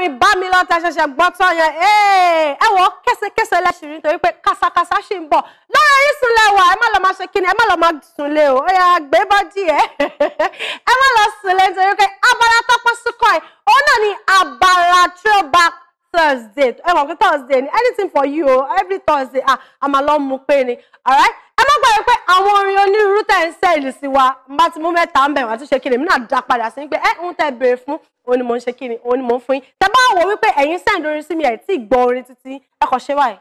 olórin Bámilọ́ tá ṣẹ̀ṣẹ̀ gbọ́ tán yẹn ẹ wọ kẹsẹkẹsẹ lẹ́sìn nítorí pé kásákásá ṣì ń bọ̀ lórí Orísun lẹ́wà ẹ má lọ máa ṣe kíni ẹ má lọ máa sunlé o ó yà gbé bọ́dí ẹ ẹ má lọ sunlé nítorí pé abala tọ́pọ̀ síkọ̀ ẹ̀ òun náà ni abala throwback Thursday ẹ mọ̀ pé Thursday ni anything for you o every Thursday ah àmàlọ́ mu pé ni all right gbàgbé pé àwọn orin onírúurú tẹ̀ ń sẹ́ẹ̀lì sí wa n bá ti mú mẹ́ta ń bẹ̀ wá tún ṣe kíni èmi náà dá padà sí pé ẹ ń tẹ béèrè fún òun ni mò ń ṣe kíni òun ni mò ń fún yín tẹ bá wò wípé ẹ̀yin sẹ́ǹd orin sí mi ẹ̀ tí ì gbọ́ orin títí ẹ kò ṣe báyìí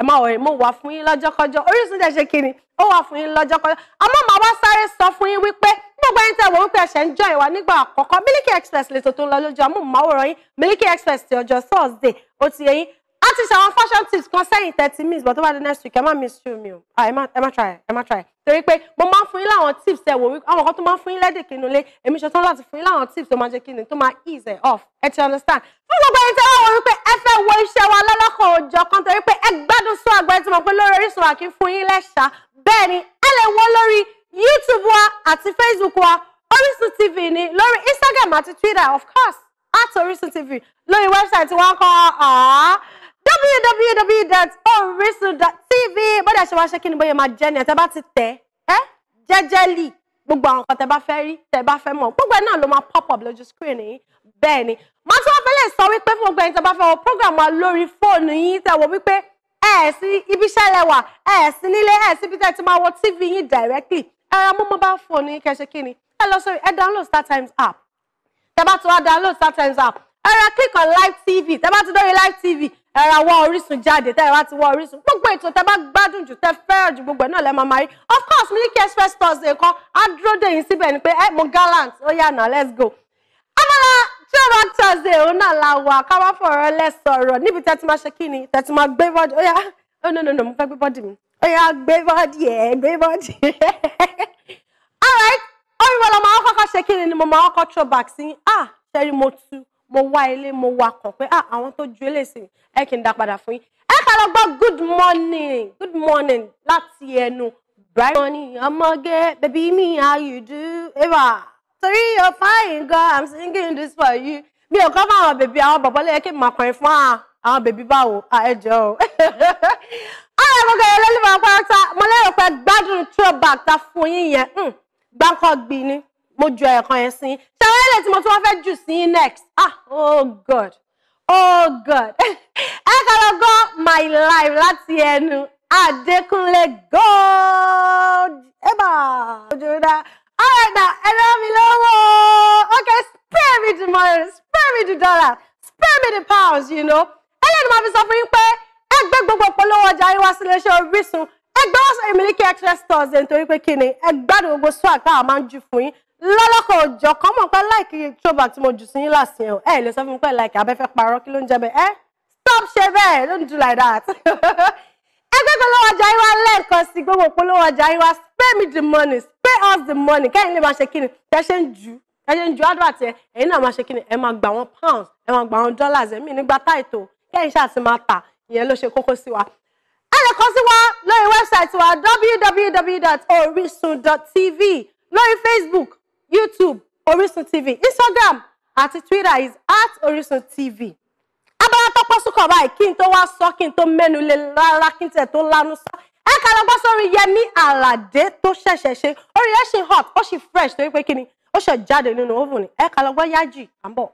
ẹ máa wọ̀ mo wà fún yín lọ́jọ́kọ́jọ́ Orísun tẹ̀ ṣe kíni ó wà fún yín lọ́jọ́kọ́jọ́ àmọ́ màá wá sáré sọ fún yín wípé gbogbo ẹni tẹ́ wò wípé ẹ̀ṣẹ̀ ń jọ ìwà nígbà àkọ́kọ́ Miliki Express lè tó tó ń lọ lójú amóhùnmáwòrán yín Miliki Express ti ọjọ́ Thursday ó ti yẹ yín a ti ṣàwọn fashion tips kan sẹ́yìn thirty minutes but over the next week I'ma miss you me. o I'ma ah, má try I'ma try torí pé mo máa ń fún yín láwọn tips there. We, wípé àwọn to tó máa ń fún yín lẹ́dẹ̀ kínú lé èmi ṣetán láti fún on tips tó máa jẹ́ kínú my ease off ẹ you understand fún gbogbo ẹni tí wọ́n wọ wípé ẹ fẹ́ wo iṣẹ́ wa lọ́lọ́kan òòjọ́ kan torí pé ẹ gbádùn sún so I go pé my Orísun wa kí fún yín lẹ́ṣà bẹ́ẹ̀ ni ẹ lè wọ́n lórí YouTube wa àti Facebook wa Orísun TV ni lórí Instagram àti Twitter of course at Orísun TV lórí website wọn Ah www.orisun.tv bọ́dà ṣe wáá ṣe kí ni bóyá máa jẹ́ ni ẹ̀ tẹ́ bá ti tẹ̀ ẹ́ jẹ́jẹ́lì gbogbo àwọn nǹkan tẹ́ bá fẹ́ rí tẹ́ bá fẹ́ mọ̀ gbogbo ẹ̀ náà ló máa pop up lójú screen yìí bẹ́ẹ̀ ni màá tún wá fẹ́lẹ̀ sọ wípé fún gbogbo ẹ̀yin tẹ́ bá fẹ́ wọ program wa lórí fóònù yín tẹ́ wọ wípé ẹ̀ ẹ̀ sí ibiṣẹ́ lẹ́wà ẹ̀ ẹ̀ sí nílé ẹ̀ sí ibi tẹ́ ti máa wọ tv yín directly ẹ ra mọ́ mobile phone yín kẹ́ṣe kí ni ẹ lọ sórí ẹ download StarTimes app tẹ́ bá download StarTimes app ẹ click on live tv tẹ́ bá live tv ẹ̀ra wá Orísun jáde tẹ́ ẹ wá ti wá Orísun gbogbo ètò tẹ́ bá gbádùn jù tẹ́ fẹ́ràn jù gbogbo ẹ̀ náà lẹ́ máa máa of course Miliki Express Thursday kan á dúró dè yín síbẹ̀ ni pé ẹ mo gallant ó yá náà let's go. amala jọba Thursday òun náà la wà káwá fọ̀rọ̀ lẹ́sọ̀rọ̀ níbi tẹ́ ti máa ṣe kíni tẹ́ ti máa gbé bọ́ọ̀dì ó yá oh no no no mo fẹ́ gbé bọ́ọ̀dì mi ó yá gbé bọ́ọ̀dì ẹ̀ gbé bọ́ọ̀dì all right orí wọn lọ máa kọ́kọ́ ṣe kíni ni mo máa kọ́kọ́ throw back sí ah ṣẹ́rí mo tu mo wá ilé mo wá kàn pé ah àwọn tó ju eléyìí ẹ kì í dá padà fún yín ẹ ká lọ gbọ́ good morning good morning láti ẹnu bright morning ọmọge baby me how you do eva torí you're fine girl i'm singing this for you mi ò kọ́ fún àwọn bèbí àwọn bàbá lẹ́yìn kí n máa kọrin fún ah, àwọn bèbí báwo ah, ẹ jẹ́ o ọ̀rọ̀ gbogbo ẹ̀rọ lẹ́lẹ́mọ̀ pátá mo lérò pé gbádùn throwback ta fún yín yẹn hmm, gbáǹkọ́ gbin ni mo ju ẹ̀ẹ̀kan yẹn sí ṣàwọn ẹlẹ́ tí mo tún wá fẹ́ jù sí next ah oh god oh god ẹ kà lọ gbọ́ my life láti ẹnu Adékúnlé gold eba ojúdá alright now ẹ lọ́ mi lọ́wọ́ okay spare me the money spare me the dollar spare me the pounds you know ẹlẹ́ni máa fi sọ fún yín pé ẹ gbé gbogbo polówó ọjà yín wá sí iléeṣẹ́ Orísun ẹ gbé wá sí Miliki Express stores nítorí pé kí ni ẹ gbádùn gbogbo swag táwọn máa ń jù fún yín lọ́lọ́kọ̀ òjọ̀ kan mọ̀ pé láìkì throwback tí mo jù sí yín láti yẹn o ẹ lè sọ fún mi pé láìkì abẹ́fẹ́ parọ́ kí ló ń jẹ́ bẹ́ẹ̀ ẹ stop ṣe bẹ́ẹ̀ don't do like that. ẹgbẹ́ polówó ọjà yín wá lẹ́ẹ̀kan sí gbogbo polówó ọjà yín wá spay me the money spay us the money kẹ́yìn lè máa ṣe kí ni ẹ ṣe ń ju ẹ ṣe ń ju advert ẹ ẹ̀yin náà máa ṣe kí ni ẹ máa gbà wọn pounds ẹ máa gbà wọn dollars ẹ̀mí nígbà táìtò kẹ́yìn ṣáà ti máa tà ìyẹn ló ṣe kókó sí wa ẹ lè kàn sí wa lórí wẹ́bsáìtì wa www.orisun.tv lórí Facebook youtube orísun tv instagram àti twitter is at orísun tv abala tọpọ sùkọ báyìí kí n tó wá sọ kí n tó mẹ́nu lé rárá kí n tẹ tó lanu sọ ẹ ká lọ gbọ́ sórí yẹmí àlàdé tó ṣẹ̀ṣẹ̀ ṣe orí rẹ̀ ṣì hot ó ṣì fresh torí pé kí ni ó ṣe jáde nínú oven ẹ ká lọ gbọ́ yájì àbọ̀.